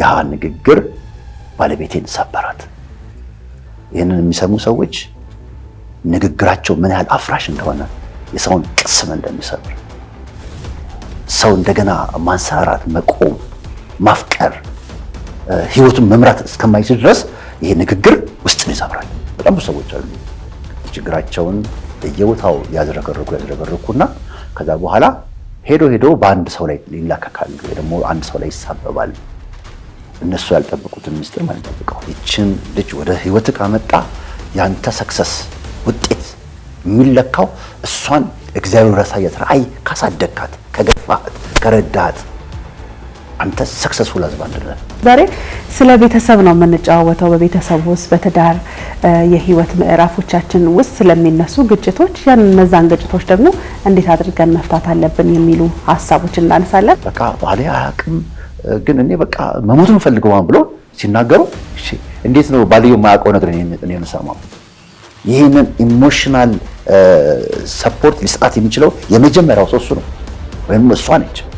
ያህ ንግግር ባለቤቴን ሰበራት። ይህንን የሚሰሙ ሰዎች ንግግራቸው ምን ያህል አፍራሽ እንደሆነ የሰውን ቅስም እንደሚሰብር ሰው እንደገና ማንሰራራት፣ መቆም፣ ማፍቀር፣ ህይወቱን መምራት እስከማይችል ድረስ ይሄ ንግግር ውስጥን ይሰብራል። በጣም ብዙ ሰዎች አሉ ችግራቸውን በየቦታው ያዝረከረኩ ያዝረከረኩና ከዛ በኋላ ሄዶ ሄዶ በአንድ ሰው ላይ ይላከካሉ ወይ ደግሞ አንድ ሰው ላይ ይሳበባል። እነሱ ያልጠበቁትን ሚስጥር ጠብቀው? ይችን ልጅ ወደ ህይወት ካመጣ ያንተ ሰክሰስ ውጤት የሚለካው እሷን እግዚአብሔር ያሳያት ራእይ ካሳደግካት፣ ከገፋት፣ ከረዳት አንተ ሰክሰስፉል አዝባንድ ነህ። ዛሬ ስለ ቤተሰብ ነው የምንጨዋወተው። በቤተሰብ ውስጥ በትዳር የህይወት ምዕራፎቻችን ውስጥ ስለሚነሱ ግጭቶች፣ ያን እነዛን ግጭቶች ደግሞ እንዴት አድርገን መፍታት አለብን የሚሉ ሀሳቦች እናነሳለን። በቃ ባሌ አያውቅም ግን እኔ በቃ መሞት ፈልገዋን ማን ብሎ ሲናገሩ እንዴት ነው ባልዮ የማያውቀው ነገር እኔ የምሰማው። ይህንን ኢሞሽናል ሰፖርት ሊሰጣት የሚችለው የመጀመሪያው ሰው እሱ ነው ወይም እሷ ነች።